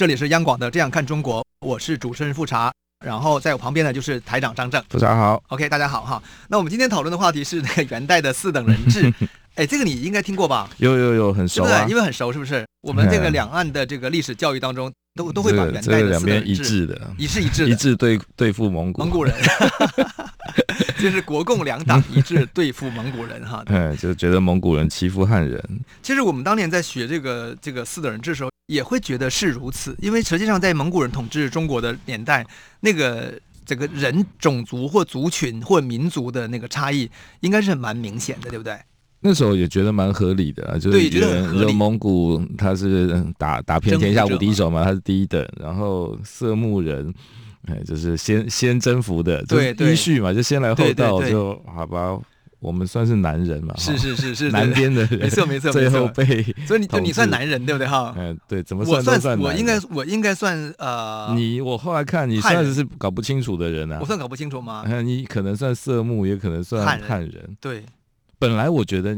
這裡是央廣的《這樣看中國》，我是主持人富察，然後在我旁邊的就是台長張正。富察好，OK，大家好哈。那我們今天討論的話題是那個元代的四等人制，哎， 這個你應該聽過吧？有有有，很熟、啊，對，因為很熟，是不是？嗯、我們這個兩岸的這個歷史教育當中都，都、這個、都會把元代的四兩邊一致的，一致一致，一致對對付蒙古,付蒙,古 蒙古人， 就是國共兩黨一致對付蒙古人哈。對、嗯，就覺得蒙古人欺負漢人。嗯、其實我們當年在學這個這個四等人制的時候。也會覺得是如此，因為實際上在蒙古人統治中國的年代，那個整個人種族或族群或民族的那個差異應該是很蠻明顯的，對不對？那時候也覺得蠻合理的，啊，就是覺得蒙古他是打打遍天下無敵手嘛，他是第一等，然後色目人，哎，就是先先征服的，對對，秩序嘛，就先來後到，對對對對就好吧。我們算是南人嘛？是是是是，南邊的人沒錯沒錯沒錯，被所以你所以你算南人對不對哈？嗯，對，怎麼算，我算我應該我應該算呃，你我後來看你算是是搞不清楚的人啊，我算搞不清楚嗎？你可能算色目，也可能算漢人。對，本來我覺得，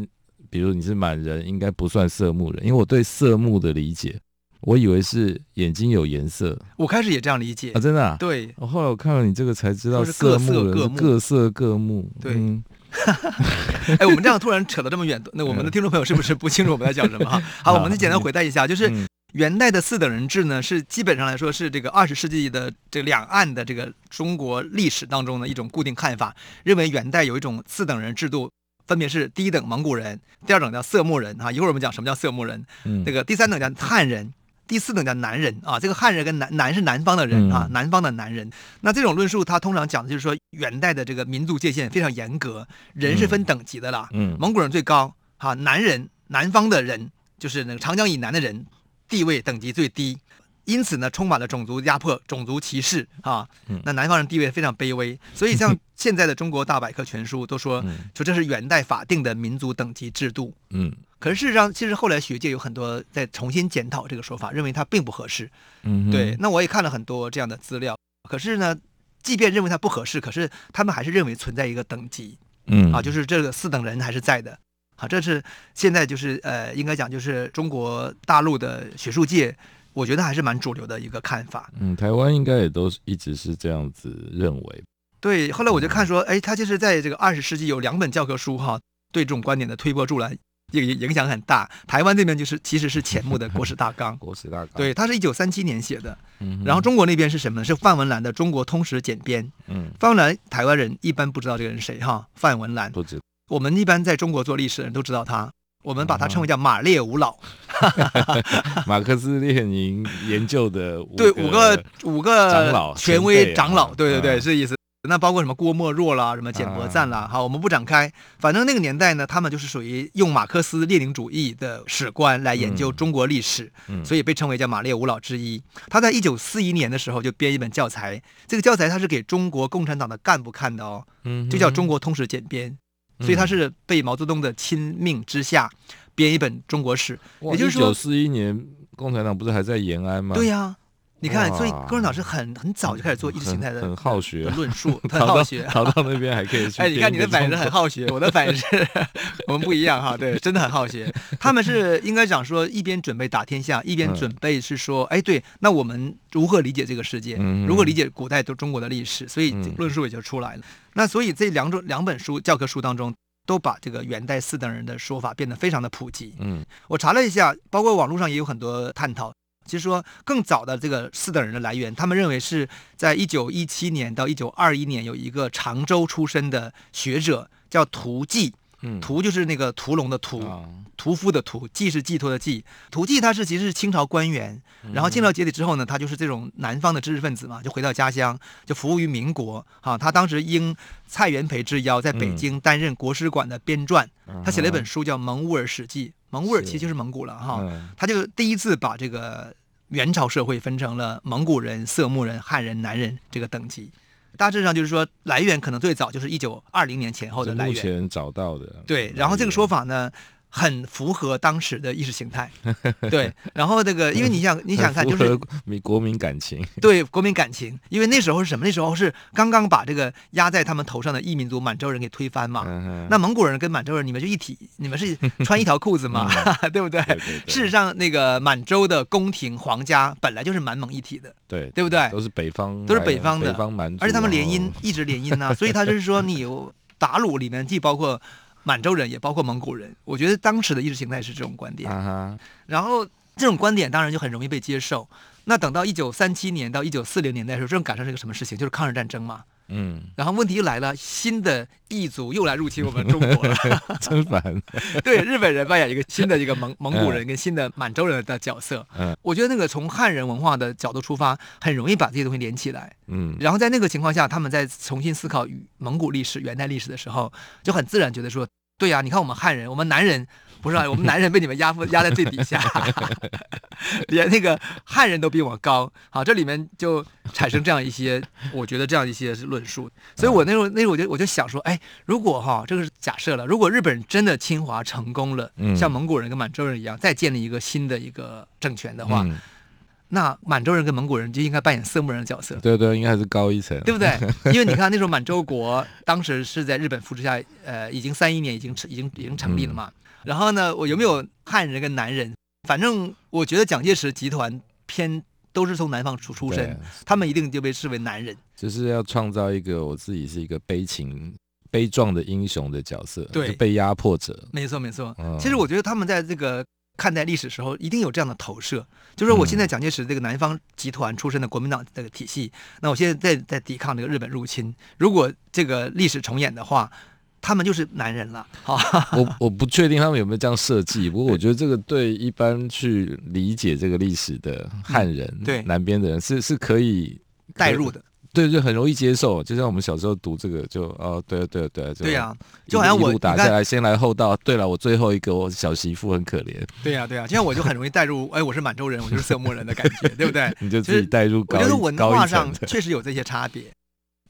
比如你是滿人，應該不算色目人，因為我對色目的理解，我以為是眼睛有顏色。我開始也這樣理解啊，真的？對，我後來我看了你這個才知道，色目人各色各目。對。 哎，我們這樣突然扯得這麼遠，那我們的聽眾朋友是不是不清楚我們在講什麼？嗯、好，我們再簡單回答一下，就是元代的四等人制呢，是基本上來說是這個二十世紀的這兩岸的這個中國歷史當中的一種固定看法，認為元代有一種四等人制度，分別是第一等蒙古人，第二等叫色目人啊，一會兒我們講什麼叫色目人，那、這個第三等叫漢人。第四等叫南人啊，這個漢人跟南，南是南方的人啊，南方的南人。嗯、那這種論述，他通常講的就是說，元代的這個民族界限非常嚴格，人是分等級的啦、嗯。嗯，蒙古人最高哈、啊，南人南方的人就是那個長江以南的人，地位等級最低。因此呢，充滿了種族壓迫、種族歧視啊。那南方人地位非常卑微，所以像現在的《中國大百科全書》都說，說這是元代法定的民族等級制度。嗯，可是事實上，其實後來學界有很多在重新檢討這個說法，認為它並不合適。嗯，對。那我也看了很多這樣的資料。可是呢，即便認為它不合適，可是他們還是認為存在一個等級。嗯，啊，就是這個四等人還是在的。好，啊，這是現在就是呃，應該講就是中國大陸的學術界。我覺得還是蠻主流的一個看法。嗯，台灣應該也都一直是這樣子認為。對，後來我就看說，哎、嗯，他其實在這個二十世紀有兩本教科書哈，對這種觀點的推波助瀾影影響很大。台灣這邊就是其實是錢穆的《國史大綱》，《 國史大綱》對，他是一九三七年寫的。嗯哼。然後中國那邊是什麼呢？是范文瀾的《中國通史簡編》。嗯。范文瀾，台灣人一般不知道這個人誰哈？范文瀾不知止道。我們一般在中國做歷史的人都知道他。我們把它稱為叫“馬列五老”，啊、 馬克思列寧研究的對五個五個長老、啊、個個權威長老，對對對，這、啊啊、意思。那包括什麼郭沫若啦，什麼翦伯贊啦，啊、好，我們不展開。反正那個年代呢，他們就是屬於用馬克思列寧主義的史觀來研究中國歷史，嗯嗯、所以被稱為叫“馬列五老”之一。他在一九四一年的時候就編一本教材，這個教材他是給中國共產黨的幹部看的哦，嗯、哼就叫《中國通史簡編》。所以他是被毛澤東的欽命之下編一本中國史，也就是說一九四一年共產黨不是還在延安嗎？對呀、啊，你看，所以共產黨是很很早就開始做意識形態的、嗯很，很好學論、啊、述，很好學，逃到，到那邊還可以去。 哎，你看你的反應是很好學，我的反應是，我們不一樣哈，對，真的很好學。他們是應該講說一邊準備打天下，一邊準備是說，哎，對，那我們如何理解這個世界？如何理解古代都中國的歷史？所以論述也就出來了。那所以這兩種兩本書教科書當中。都把這個元代四等人的說法變得非常的普及。嗯，我查了一下，包括網絡上也有很多探討。其實說更早的這個四等人的來源，他們認為是在一九一七年到一九二一年有一個常州出身的學者叫屠寄。屠就是那個屠龍的屠，屠夫的屠。寄是寄託的寄，屠寄他是其實是清朝官員，然後進到節裡之後呢，他就是這種南方的知識分子嘛，就回到家鄉，就服務於民國。哈，他當時應蔡元培之邀，在北京擔任國史館的編撰。嗯，他寫了一本書叫《蒙兀爾史記》，蒙兀爾其實就是蒙古了是哈。他就第一次把這個元朝社會分成了蒙古人、色目人、漢人、南人這個等級。大致上就是說，來源可能最早就是一九二零年前後的來源。目前找到的。對，來源。然後這個說法呢，很符合當時的意識形態，對。然後那、這個，因為你想，你想看，就是民國民感情，就是、對國民感情。因為那時候是什麼？那時候是剛剛把這個壓在他們頭上的異民族滿洲人給推翻嘛。嗯、哼那蒙古人跟滿洲人，你們就一體，你們是穿一條褲子嘛， 嗯、 對不對？對對對，事實上，那個滿洲的宮廷皇家本來就是滿蒙一體的，對，對不對？都是北方，都是北方的北方、啊、而且他們聯姻、哦、一直聯姻呢、啊，所以他就是說你有，你韃虜裡面既包括。滿洲人也包括蒙古人，我覺得當時的意識形態是這種觀點，uh huh. 然後這種觀點當然就很容易被接受。那等到一九三七年到一九四零年代的時候，這種感受是一個什麼事情？就是抗日戰爭嘛。嗯，然後問題又來了，新的異族又來入侵我們中國了，真煩。對，日本人扮演一個新的一個蒙蒙古人跟新的滿洲人的角色。嗯，我覺得那個從漢人文化的角度出發，很容易把這些東西連起來。嗯，然後在那個情況下，他們在重新思考蒙古歷史、元代歷史的時候，就很自然覺得說，對呀，你看我們漢人，我們男人。不是、啊，我們男人被你們壓在壓在最底下，連那個漢人都比我高。好，這裡面就產生這樣一些， 我覺得這樣一些論述。所以我那時候，那時候我就我就想說，哎，如果哈、哦，這個是假設了，如果日本人真的侵華成功了，嗯、像蒙古人跟滿洲人一樣，再建立一個新的一個政權的話，嗯、那滿洲人跟蒙古人就應該扮演色目人的角色。對，對對，應該是高一層，對不對？因為你看那時候滿洲國當時是在日本扶持下，呃，已經三一年已經成已經已經成立了嘛。嗯然後呢，我有沒有漢人跟南人？反正我覺得蔣介石集團偏都是從南方出出身，對他們一定就被視為南人。就是要創造一個我自己是一個悲情、悲壯的英雄的角色，對就被壓迫者。沒錯，沒錯、沒錯、嗯。其實我覺得他們在這個看待歷史時候，一定有這樣的投射。就是我現在蔣介石這個南方集團出身的國民黨這個體系，嗯、那我現在在在抵抗這個日本入侵。如果這個歷史重演的話。他們就是南人了。好，我我不確定他們有沒有這樣設計，不過我覺得這個對一般去理解這個歷史的漢人、嗯、對南邊的人是是可以代入的。對對，就很容易接受。就像我們小時候讀這個，就哦，對對、啊、對。對、啊、對、啊就對啊，就好像我一路打下看來，先來後到。對了、啊，我最後一個，我小媳婦很可憐。對呀、啊、對呀、啊，就像我就很容易代入， 哎，我是滿洲人，我就是色目人的感覺，對不對？你就自己代入高。我覺得文化上確實有這些差別。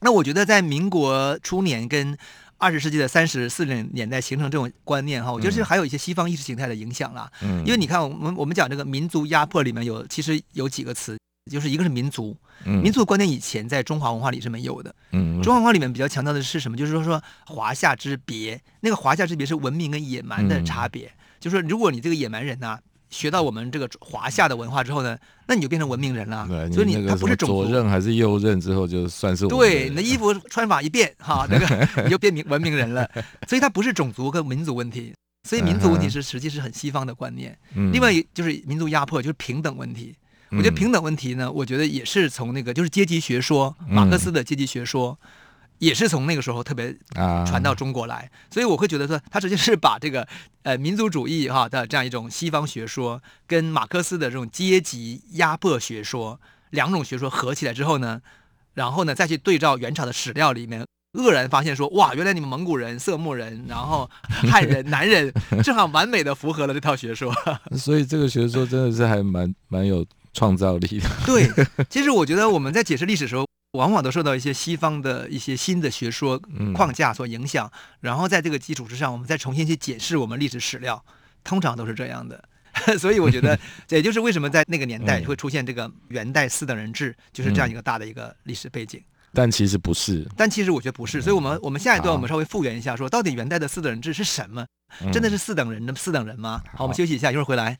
那我覺得在民國初年跟二十世紀的三十四十年代形成這種觀念哈，我覺得是還有一些西方意識形態的影響啦。嗯，因為你看，我們我們講這個民族壓迫裡面有其實有幾個詞，就是一個是民族，民族觀念以前在中華文化裡是沒有的。嗯，中華文化裡面比較強調的是什麼？就是說說華夏之別，那個華夏之別是文明跟野蠻的差別。就是說，如果你這個野蠻人呢、啊？學到我們這個華夏的文化之後呢，那你就變成文明人了。所以你他不是種族左任還是右任之後就算是。對，你的衣服穿法一變哈，那個你就變明文明人了。所以它不是種族跟民族問題，所以民族問題是實際是很西方的觀念。嗯，另外就是民族壓迫就是平等問題。我覺得平等問題呢，我覺得也是從那個就是階級學說，馬克思的階級學說。也是從那個時候特別傳到中國來，啊、所以我會覺得說，他直接是把這個呃民族主義哈的、哦、這樣一種西方學說，跟馬克思的這種階級壓迫學說兩種學說合起來之後呢，然後呢再去對照元朝的史料裡面，愕然發現說，哇，原來你們蒙古人、色目人，然後漢人、 南人，正好完美的符合了這套學說。所以這個學說真的是還蠻 蠻有創造力的。對，其實我覺得我們在解釋歷史時候。往往都受到一些西方的一些新的學說框架所影響，嗯、然後在這個基礎之上，我們再重新去解釋我們歷史史料，通常都是這樣的。 所以我覺得，這也就是為什麼在那個年代、嗯、會出現這個元代四等人制，就是這樣一個大的一個歷史背景。嗯、但其實不是，但其實我覺得不是。嗯、所以，我們我們下一段我們稍微復原一下，說到底元代的四等人制是什麼？嗯、真的是四等人？那麼四等人嗎？好，好我們休息一下，一會兒回來。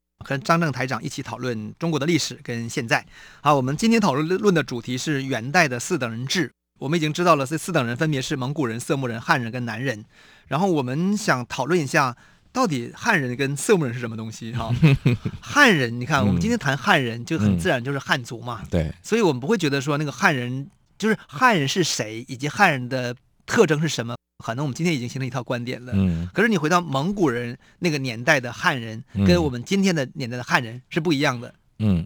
和張正台長一起討論中國的歷史跟現在。好，我們今天討論論的主題是元代的四等人制。我們已經知道了這四等人分別是蒙古人、色目人、漢人跟南人。然後我們想討論一下，到底漢人跟色目人是什麼東西？哈， 漢人，你看，我們今天談漢人、嗯、就很自然就是漢族嘛。嗯、對，所以我們不會覺得說那個漢人就是漢人是誰，以及漢人的特徵是什麼。可能我們今天已經形成一套觀點了。嗯，可是你回到蒙古人那個年代的漢人，跟我們今天的年代的漢人是不一樣的。嗯，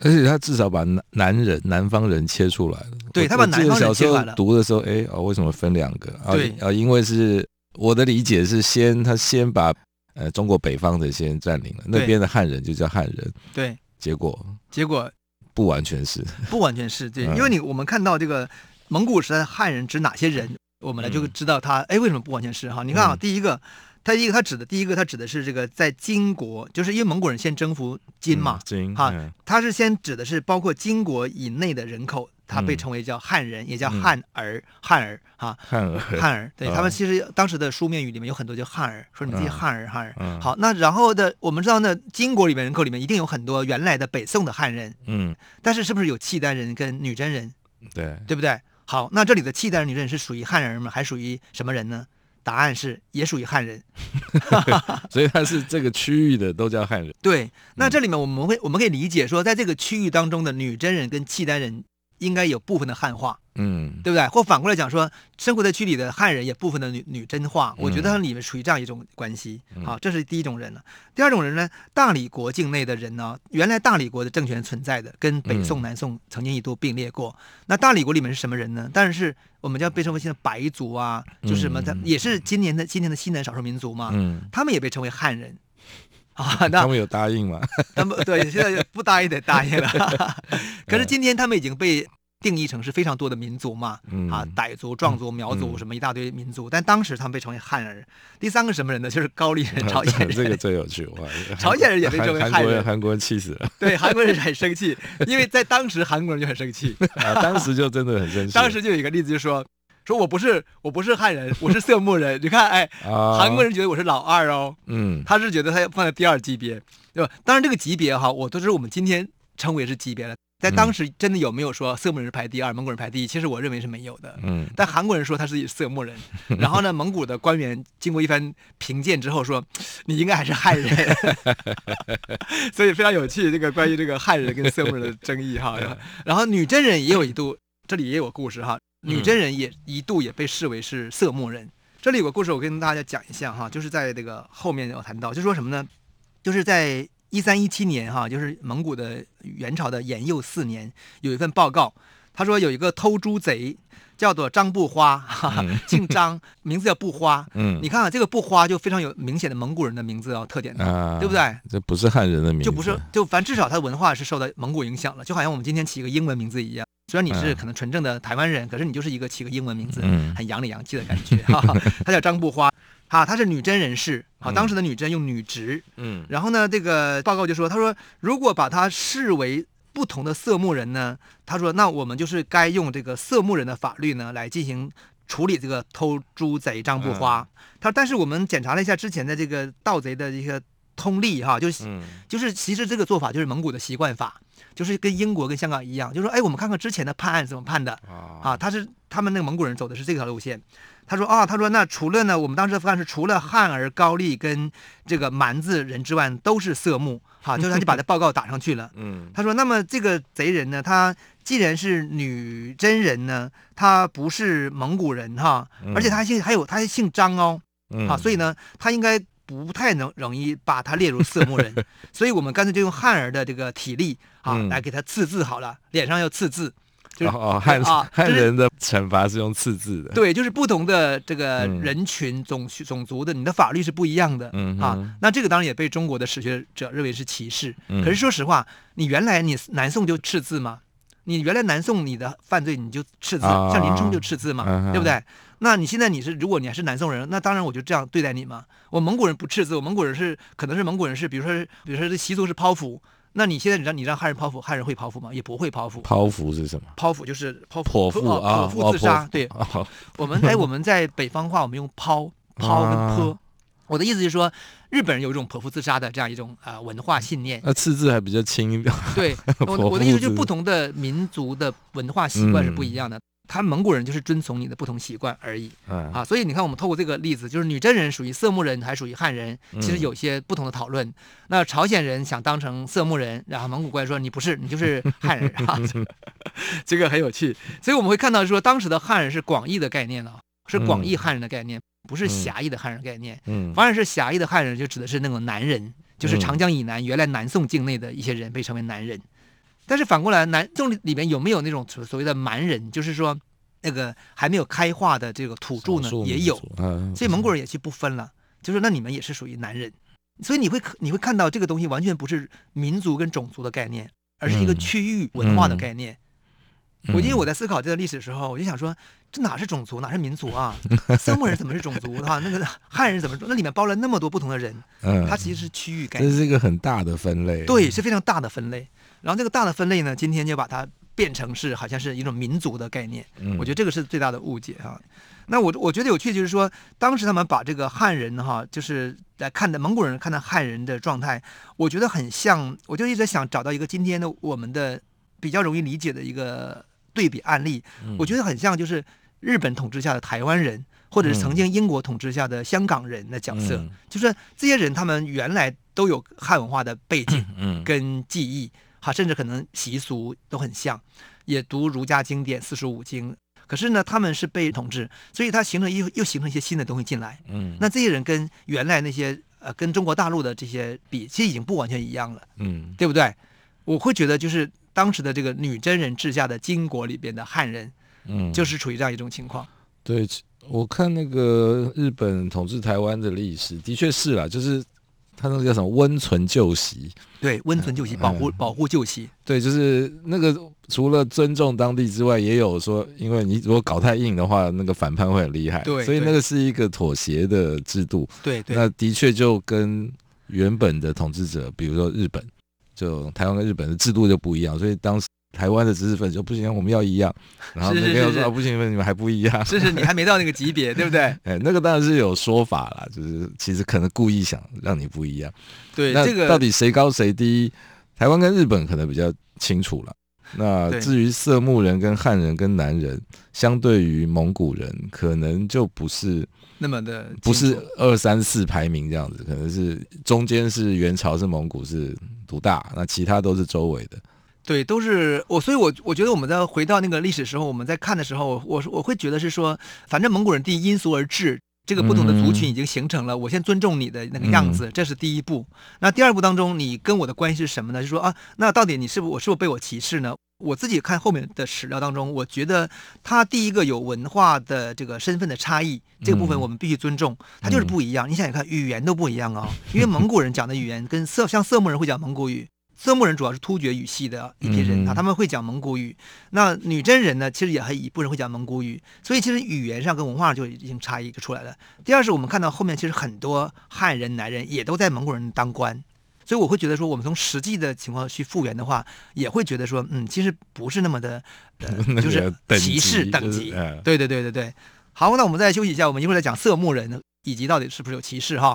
而且他至少把南人、南方人切出來了。對，他把南方人切出來了。這個小時候讀的時候，哎哦，為什麼分兩個？對啊，因為是我的理解是先他先把呃中國北方的先佔領了，對那邊的漢人就叫漢人。對，結果結果不完全是，不完全是，對，嗯，因為你我們看到這個蒙古時代的漢人指哪些人？我們來就知道他，哎，為什麼不完全是哈？你看啊，第一個，他一個他指的，第一個他指的是這個在金國，就是因為蒙古人先征服金嘛，金哈，他是先指的是包括金國以內的人口，他被稱為叫漢人，也叫漢兒漢兒哈，漢兒漢兒，對，他們其實當時的書面語裡面有很多叫漢兒，說你自己漢兒漢兒。好，那然後的，我們知道那金國裡面人口裡面一定有很多原來的北宋的漢人，嗯，但是是不是有契丹人跟女真人？對，對不對？好，那這裡的契丹人、女真人是屬於漢人嗎？還屬於什麼人呢？答案是也屬於漢人， 所以他是這個區域的都叫漢人。對，那這裡面我們會、嗯、我們可以理解說，在這個區域當中的女真人跟契丹人。應該有部分的漢化，嗯，對不對？或反過來講說，生活在區裡的漢人也部分的女女真化，我覺得他們裡面屬於這樣一種關係。嗯、好，這是第一種人了。第二種人呢，大理國境內的人呢，原來大理國的政權存在的，跟北宋、南宋曾經一度並列過。嗯、那大理國裡面是什麼人呢？當然是我們叫被稱為現在白族啊，就是什麼，他也是今年的今天的西南少數民族嘛。嗯、他們也被稱為漢人。啊，那他們有答應嗎？他們對現在不答應得答應了， 可是今天他們已經被定義成是非常多的民族嘛，嗯、啊，傣族、壯族、苗族什麼一大堆民族，嗯嗯、但當時他們被稱為漢人。第三個什麼人呢？就是高麗人、啊、朝鮮人。這個最有趣，我朝鮮人也被稱為漢人。韓國人，韓國人氣死了。對，韓國人很生氣， 因為在當時韓國人就很生氣。啊，當時就真的很生氣。當時就有一個例子，就說。說我不是，我不是漢人，我是色目人。 你看，哎，韓國人覺得我是老二哦，哦嗯，他是覺得他要放在第二級別，對吧？當然，這個級別哈，我都是我們今天稱呼也是級別的，在當時真的有沒有說色目人排第二，嗯、蒙古人排第一？其實我認為是沒有的，嗯。但韓國人說他是色目人，然後呢，蒙古的官員經過一番評鑑之後說，你應該還是漢人， 所以非常有趣，這個關於這個漢人跟色目的爭議哈，然後，然後女真人也有一度， 這裡也有故事哈。女真人也一度也被視為是色目人，嗯、這裡有個故事，我跟大家講一下哈，就是在這個後面要談到，就是說什麼呢？就是在一三一七年哈，就是蒙古的元朝的延佑四年，有一份報告，他說有一個偷豬賊。叫做張不花、啊，姓張，嗯、名字叫不花。嗯，你看看、啊、這個不花就非常有明顯的蒙古人的名字啊、哦、特點的，啊、對不對？這不是漢人的名字，就不是，就反正至少他的文化是受到蒙古影響了，就好像我們今天起一個英文名字一樣。雖然你是可能純正的台灣人，嗯、可是你就是一個起一個英文名字，嗯、很洋裡洋氣的感覺。他、啊、叫張不花，他、啊、他是女真人士，啊，當時的女真用女直。嗯，然後呢，這個報告就說，他說如果把他視為。不同的色目人呢，他說，那我們就是該用這個色目人的法律呢來進行處理這個偷豬賊張不花。嗯、他但是我們檢查了一下之前的這個盜賊的一些通例哈，就是、嗯、就是其實這個做法就是蒙古的習慣法，就是跟英國跟香港一樣，就是、說哎，我們看看之前的判案怎麼判的啊，啊，他是他們那個蒙古人走的是這條路線。他說啊，他說那除了呢，我們當時的方案是除了漢兒、高麗跟這個蠻子人之外，都是色目，哈，就是他就把這報告打上去了。 嗯，他說那麼這個賊人呢，他既然是女真人呢，他不是蒙古人哈，而且他姓還有他還姓張哦，嗯、啊，所以呢，他應該不太能容易把他列入色目人， 所以我們乾脆就用漢兒的這個體例，啊，來給他刺字好了，嗯、臉上要刺字。就哦漢、哦啊就是、人的懲罰是用刺字的，對，就是不同的這個人群、嗯、種種族的，你的法律是不一樣的，嗯哼啊，那這個當然也被中國的史學者認為是歧視。嗯、可是說實話，你原來你南宋就刺字嘛，嗯、你原來南宋你的犯罪你就刺字，哦哦哦像林沖就刺字嘛，哦哦對不對？那你現在你是如果你還是南宋人，那當然我就這樣對待你嘛。我蒙古人不刺字，我蒙古人是可能是蒙古人是，比如說比如說這習俗是剖腹。那你現在你讓你讓漢人剖腹，漢人會剖腹嗎？也不會剖腹。剖腹是什麼？剖腹就是剖腹，剖腹富、哦哦、自殺。哦、對，哦、我們 哎，我們在北方話，我們用剖、剖跟剖。啊、我的意思就是說，日本人有一種剖腹自殺的這樣一種啊、呃、文化信念。那刺、啊、字還比較輕一點。 對，我我的意思就是，不同的民族的文化習慣是不一樣的。嗯他蒙古人就是遵從你的不同習慣而已，啊，所以你看，我們透過這個例子，就是女真人屬於色目人還屬於漢人，其實有些不同的討論。那朝鮮人想當成色目人，然後蒙古怪說你不是，你就是漢人啊， 這個很有趣。所以我們會看到說，當時的漢人是廣義的概念啊，是廣義漢人的概念，不是狹義的漢人概念。反而是狹義的漢人就指的是那種南人，就是長江以南原來南宋境內的一些人被稱為南人。但是反過來，南中裡面有沒有那種所謂的蠻人，就是說那個還沒有開化的這個土著呢？也有，所以蒙古人也去不分了，就是那你們也是屬於南人，所以你會你會看到這個東西完全不是民族跟種族的概念，而是一個區域文化的概念。嗯嗯嗯，我因為我在思考這個歷史的時候，我就想說，這哪是種族，哪是民族啊？色目人怎麼是種族的話，那個漢人怎麼那裡面包了那麼多不同的人？嗯，它其實是區域概念，這是一個很大的分類啊。對，是非常大的分類。然後這個大的分類呢，今天就把它變成是好像是一種民族的概念，嗯，我覺得這個是最大的誤解哈。那我我覺得有趣就是說，當時他們把這個漢人哈，就是來看待蒙古人看待漢人的狀態，我覺得很像。我就一直想找到一個今天的我們的比較容易理解的一個對比案例，嗯，我覺得很像就是日本統治下的台灣人，或者是曾經英國統治下的香港人的角色，嗯，就是這些人他們原來都有漢文化的背景跟記憶。嗯嗯他甚至可能習俗都很像，也讀儒家經典四書五經。可是呢，他們是被統治，所以他形成一又，又形成一些新的東西進來。嗯，那這些人跟原來那些呃，跟中國大陸的這些比，其實已經不完全一樣了。嗯，對不對？我會覺得就是當時的這個女真人治下的金國裡邊的漢人，嗯，就是處於這樣一種情況。對，我看那個日本統治台灣的歷史，的確是啊，就是。他那個叫什麼“溫存舊習”？對，“溫存舊習”保護、嗯、保護舊習。對，就是那個除了尊重當地之外，也有說，因為你如果搞太硬的話，那個反叛會很厲害。對，所以那個是一個妥協的制度。對對。那的確就跟原本的統治者，比如說日本，就台灣跟日本的制度就不一樣，所以當時。台灣的知識分子說不行，我們要一樣，然後那邊說不行，是是是是你們還不一樣，就是，是你還沒到那個級別， 對不對？哎、欸，那個當然是有說法了，就是其實可能故意想讓你不一樣。對，那這個到底誰高誰低？對台灣跟日本可能比較清楚了。那至於色目人，人，人、跟漢人、跟南人，相對於蒙古人，可能就不是那麼的，不是二三四排名這樣子，可能是中間是元朝，是蒙古是獨大，那其他都是周圍的。對，都是我，所以我我覺得我們在回到那個歷史時候，我們在看的時候，我我會覺得是說，反正蒙古人地因俗而治，這個不同的族群已經形成了，我先尊重你的那個樣子，嗯、這是第一步。那第二步當中，你跟我的關係是什麼呢？就是說啊，那到底你是不我是不是被我歧視呢？我自己看後面的史料當中，我覺得他第一個有文化的這個身份的差異，這個部分我們必須尊重，他、嗯、就是不一樣。你想想看，語言都不一樣啊、哦，因為蒙古人講的語言跟色像色目人會講蒙古語。色目人主要是突厥語系的一批人，那、嗯、他，他們會講蒙古語。那女真人呢，其實也還一部分人會講蒙古語，所以其實語言上跟文化上就已經差異就出來了。第二是，我們看到後面其實很多漢人南人也都在蒙古人當官，所以我會覺得說，我們從實際的情況去復原的話，也會覺得說，嗯，其實不是那麼的，呃、就是歧視等級，對對對對對。好，那我們再休息一下，我們一會兒再講色目人以及到底是不是有歧視哈。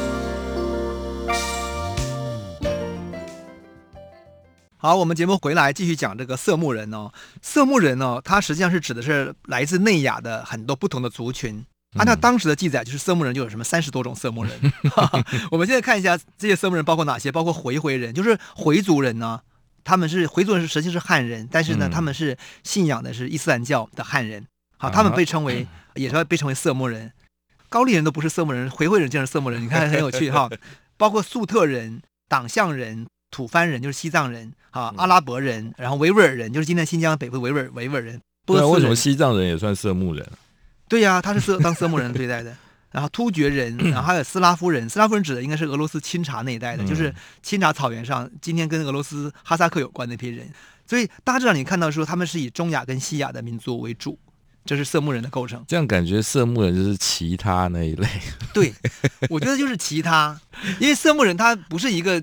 好，我們節目回來繼續講這個色目人哦。色目人哦，他實際上是指的是來自內亞的很多不同的族群。嗯、按照當時的記載，就是色目人就有什麼三十多種色目人、 啊。我們現在看一下這些色目人包括哪些，包括回回人，就是回族人呢。他們是回族人是實際是漢人，但是呢、嗯、他們是信仰的是伊斯蘭教的漢人。好、啊，他們被稱為 也是被稱為色目人。高麗人都不是色目人，回回人就是色目人。你看很有趣哈。 包括粟特人、黨項人。吐蕃人就是西藏人啊，阿拉伯人，然後維吾爾人就是今天新疆北部維吾爾維吾爾人。那、啊、為什麼西藏人也算色目人？對呀、啊，他是色當色目人對待的。 然後突厥人，然後還有斯拉夫人。斯拉夫人指的應該是俄羅斯欽察那一帶的，就是欽察草原上今天跟俄羅斯哈薩克有關的那批人。所以大致上你看到說他們是以中亞跟西亞的民族為主，這是色目人的構成。這樣感覺色目人就是其他那一類。 對，我覺得就是其他，因為色目人他不是一個。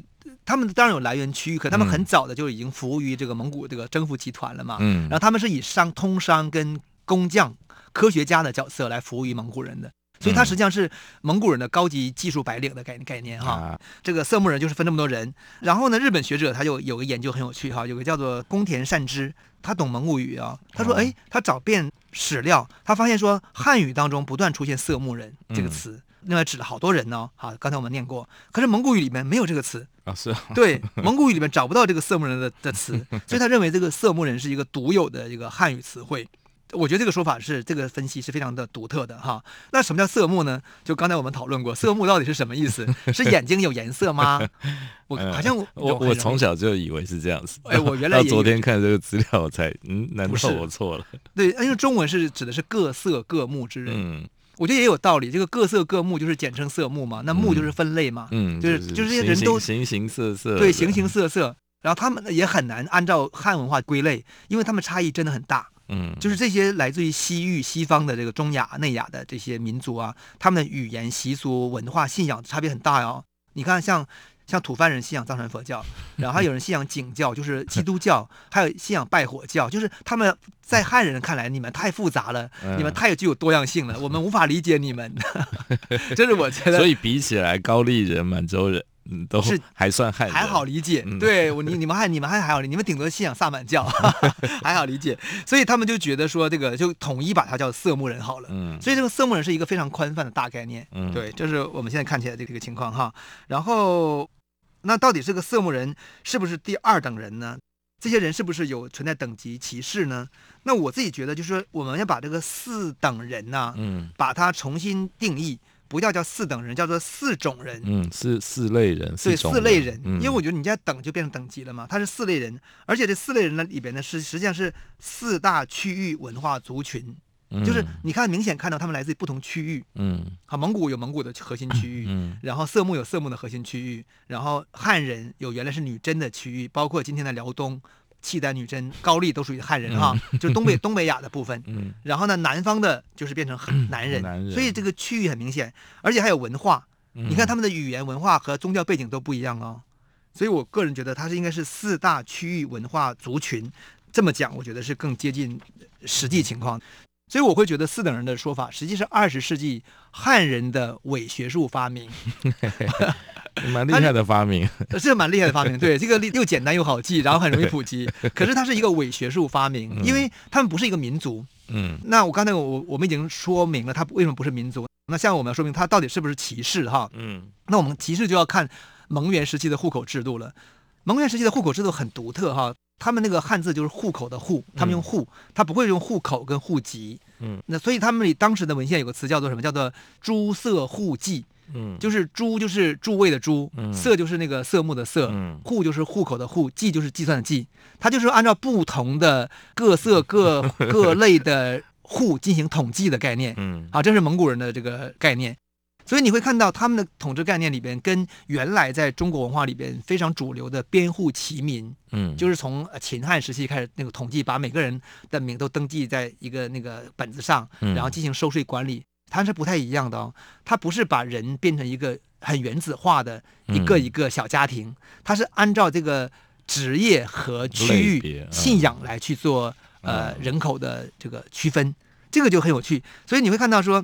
他們當然有來源區域，可他們很早的就已經服務於這個蒙古這個征服集團了嘛。嗯，然後他們是以商、通商跟工匠、科學家的角色來服務於蒙古人的，所以他實際上是蒙古人的高級技術白領的概概念哈、啊。嗯，這個色目人就是分這麼多人。然後呢，日本學者他就有個研究很有趣哈、啊，有個叫做宮田善之，他懂蒙古語啊，他說哎，他找遍史料，他發現說漢語當中不斷出現“色目人”這個詞。嗯另外指了好多人呢，好，剛才我們念過，可是蒙古語裡面沒有這個詞啊，是啊，對，蒙古語裡面找不到這個色目人的的詞， 所以他認為這個色目人是一個獨有的一個漢語詞彙。我覺得這個說法是，這個分析是非常的獨特的哈。那什麼叫色目呢？就剛才我們討論過，色目到底是什麼意思？ 是眼睛有顏色嗎？ 我好像、啊、我我，我，我從小就以為是這樣子。哎，我原來昨天看這個資料我才，嗯，難道我錯了？對，因為中文是指的是各色各目之人。 嗯我覺得也有道理，這個各色各目，就是簡稱色目嘛，那目就是分類嘛，嗯、就是就是，就是就是這些人都形形，形形色色，對，形形色色，然後他們也很難按照漢文化歸類，因為他們差異真的很大，嗯，就是這些來自於西域、西方的這個中亞、內亞的這些民族啊，他們的語言、習俗、文化、信仰差別很大喲，你看像。像吐蕃人信仰藏傳佛教，然後有人信仰景教，就是基督教， 還有信仰拜火教，就是他們在漢人看來，你們太複雜了，嗯、你們太具有多樣性了，我們無法理解你們。這 是我覺得，所以比起來，高麗人、滿洲人都還算漢人，還好理解。嗯、對你你們還你們還還好理你們頂多信仰薩滿教， 還好理解。所以他們就覺得說，這個就統一把它叫色目人好了。嗯、所以這個色目人是一個非常寬泛的大概念。嗯，對，就是我們現在看起來的這個情況哈。然後。那到底這個色目人是不是第二等人呢？這些人是不是有存在等級歧視呢？那我自己覺得，就是說我們要把這個四等人呢、啊，嗯，把它重新定義，不要叫四等人，叫做四種人，嗯，四四類人，對，四種四類人，因為我覺得你現在等就變成等級了嘛，它是四類人，而且這四類人裡呢裡邊呢是實際上是四大區域文化族群。就是你看，明顯看到他們來自於不同區域。嗯。好，蒙古有蒙古的核心區域。嗯。然後色目有色目的核心區域，然後漢人有原來是女真的區域，包括今天的遼東、契丹、女真、高麗都屬於漢人哈， 就是東北東北亞的部分。嗯。然後呢，南方的就是變成南人。 很男人。所以這個區域很明顯，而且還有文化。你看他們的語言文化和宗教背景都不一樣哦。所以我個人覺得，它是應該是四大區域文化族群這麼講，我覺得是更接近實際情況。所以我會覺得“四等人的說法”實際是二十世紀漢人的偽學術發明， 蠻厲害的發明 是，是蠻厲害的發明。對，這個又簡單又好記，然後很容易普及。 可是它是一個偽學術發明，嗯、因為他們不是一個民族。嗯。那我剛才我我們已經說明了它為什麼不是民族。那下面我們要說明它到底是不是歧視哈？嗯。那我們歧視就要看蒙元時期的戶口制度了。蒙元時期的戶口制度很獨特哈。他們那個漢字就是戶口的戶，他們用戶，嗯，他不會用戶口跟戶籍，嗯，那所以他們當時的文獻有個詞叫做什麼？叫做“諸色戶計”，嗯，就是“諸”就是諸位的諸，嗯，“色”就是那個色目的色，嗯，“戶”就是戶口的戶，“計”就是計算的計，它就是按照不同的各色各各類的戶進行統計的概念，嗯，啊，這是蒙古人的這個概念。所以你會看到他們的統治概念裡邊，跟原來在中國文化裡邊非常主流的編戶齊民，嗯，就是從秦漢時期開始那個統計，把每個人的名都登記在一個那個本子上，然後進行收稅管理，它是不太一樣的哦。它不是把人變成一個很原子化的一個一個小家庭，它是按照這個職業和區域、信仰來去做呃人口的這個區分，這個就很有趣。所以你會看到說，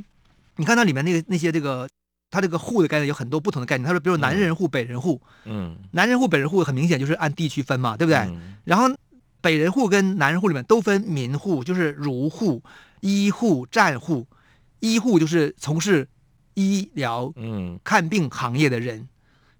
你看它裡面那個那些這個，它這個戶的概念有很多不同的概念。他說，比如南人戶、北人戶，嗯，南人戶、北人戶很明顯就是按地區分嘛，對不對？嗯、然後北人戶跟南人戶裡面都分民戶，就是儒戶、醫戶、站戶。醫戶就是從事醫療、嗯，看病行業的人。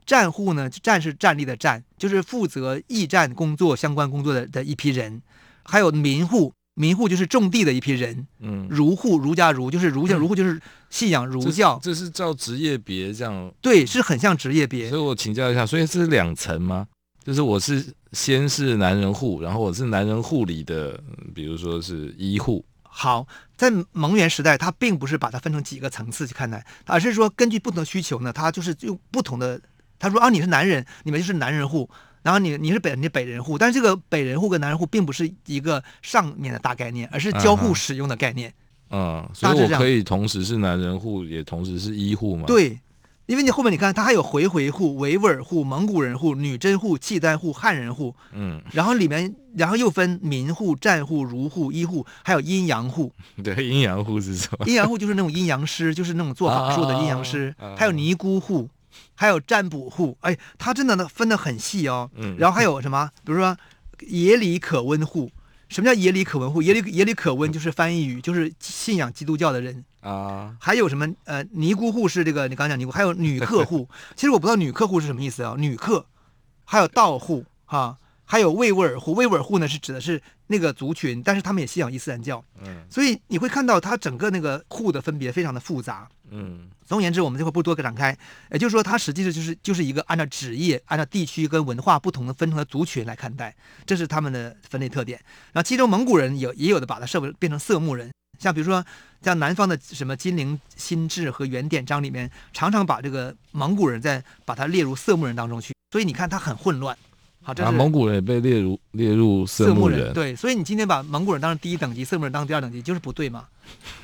站、嗯、戶呢，站是站立的站，就是負責驛站工作相關工作的的一批人。還有民戶。民戶就是種地的一批人，嗯，儒戶儒家、儒就是儒家儒，嗯、戶就是信仰儒教這，這是照職業別這樣？對，是很像職業別。所以我請教一下，所以這是兩層嗎？就是我是先是南人戶，然後我是南人戶裡的，比如說是醫戶。好，在蒙元時代，他並不是把它分成幾個層次去看待，而是說根據不同的需求呢，他就是用不同的。他說啊，你是南人，你們就是南人戶。然後你你是北你北人戶，但是這個北人戶跟南人戶並不是一個上面的大概念，而是交互使用的概念。啊、嗯，所以我可以同時是南人戶，也同時是醫戶嘛？對，因為你後面你看，它還有回回戶、維吾爾戶、蒙古人戶、女真戶、契丹戶、戶、漢人戶。嗯，然後裡面然後又分民戶、戰戶、儒戶、醫戶，還有陰陽戶。對，陰陽戶是什麼？陰陽戶就是那種陰陽師，就是那種做法術的陰陽師，還、啊、有尼姑戶。還有占卜戶，哎，他真的呢分得很細哦。然後還有什麼？比如說，也里可溫戶，什麼叫也里可溫戶？也里也里可溫就是翻譯語，就是信仰基督教的人啊。還有什麼？呃，尼姑戶是這個，你剛剛講尼姑，還有女客戶。 其實我不知道女客戶是什麼意思啊、哦，女客。還有道戶哈。啊還有畏兀兒戶，畏兀兒戶呢是指的是那個族群，但是他們也信仰伊斯蘭教，嗯，所以你會看到它整個那個戶的分別非常的複雜，嗯，總而言之，我們這塊不多個展開，也就是說，它實際上就是就是一個按照職業、按照地區跟文化不同的分成的族群來看待，這是他們的分類特點。然後其中蒙古人也有也有的把它設為變成色目人，像比如說像南方的什麼《金陵新志》和《元典章》裡面，常常把這個蒙古人再把它列入色目人當中去，所以你看它很混亂。好這是蒙古人也被列入列入色目人，對，所以你今天把蒙古人當成第一等級，色目人當第二等級，就是不對嘛！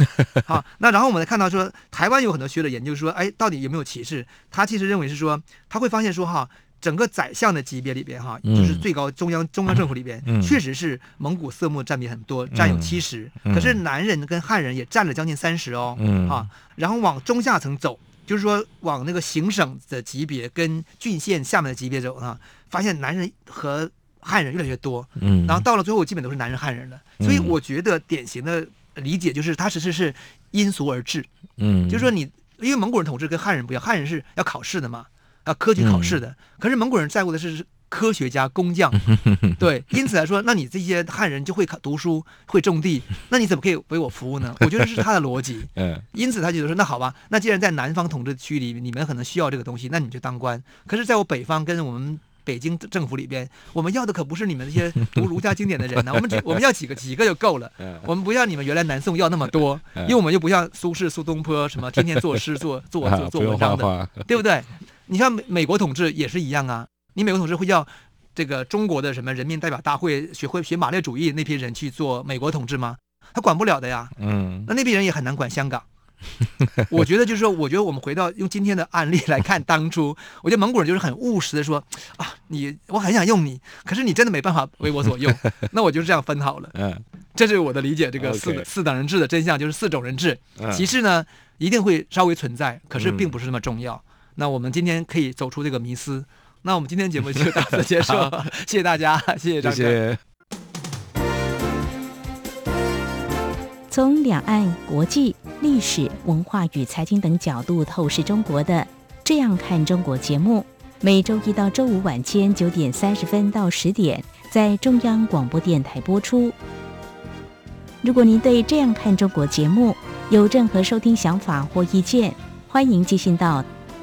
啊，那然後我們看到說，台灣有很多學者研究說，哎，到底有沒有歧視？他其實認為是說，他會發現說哈，整個宰相的級別裡邊哈，就是最高中央中央政府裡邊，嗯嗯、確實是蒙古色目佔比很多，佔有七十、嗯，嗯、可是南人跟漢人也佔了將近三十哦，哈、嗯啊，然後往中下層走。就是說，往那個行省的級別跟郡縣下面的級別走哈、啊，發現男人和漢人越來越多，嗯，然後到了最後，基本都是男人漢人的。所以我覺得典型的理解就是，它其實是因俗而治，嗯，就是說你因為蒙古人統治跟漢人不一樣，漢人是要考試的嘛，要科舉考試的，嗯、可是蒙古人在乎的是。科學家、工匠，對，因此來說，那你這些漢人就會讀書、會種地，那你怎麼可以為我服務呢？我覺得這是他的邏輯。因此他就說：“那好吧，那既然在南方統治區裡，你們可能需要這個東西，那你就當官。可是，在我北方跟我們北京政府裡邊，我們要的可不是你們這些讀儒家經典的人呢、啊。我們只我們要幾個，幾個就夠了。我們不像你們原來南宋要那麼多，因為我們就不像蘇軾、蘇東坡什麼天天作詩、作作作作文章的，對不對？你像美美國統治也是一樣啊。”你美國統治會叫這個中國的什麼人民代表大會學會學馬列主義那批人去做美國統治嗎？他管不了的呀。嗯。那那批人也很難管香港。我覺得就是說，我覺得我們回到用今天的案例來看，當初我覺得蒙古人就是很務實的說啊，你我很想用你，可是你真的沒辦法為我所用，那我就是這樣分好了。嗯。這是我的理解，這個四 Okay. 四等人制的真相就是四種人制，其次呢一定會稍微存在，可是並不是那麼重要。嗯。那我們今天可以走出這個迷思。那我們今天節目就到此結束， 好謝謝大家，謝謝張正。謝謝從兩岸國際、歷史、文化與財經等角度透視中國的《這樣看中國》節目，每周一到周五晚間九點三十分到十點，在中央廣播電台播出。如果您對《這樣看中國》節目有任何收聽想法或意見，歡迎寄信到。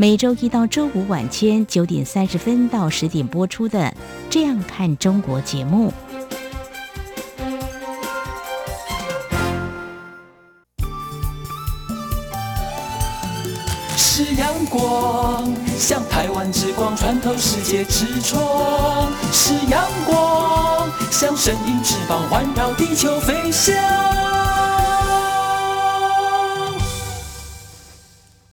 每週一到週五晚間九點三十分到十點播出的《這樣看中國》節目。是陽光，像台灣之光穿透世界之窗；是陽光，像神鷹翅膀環繞地球飛翔。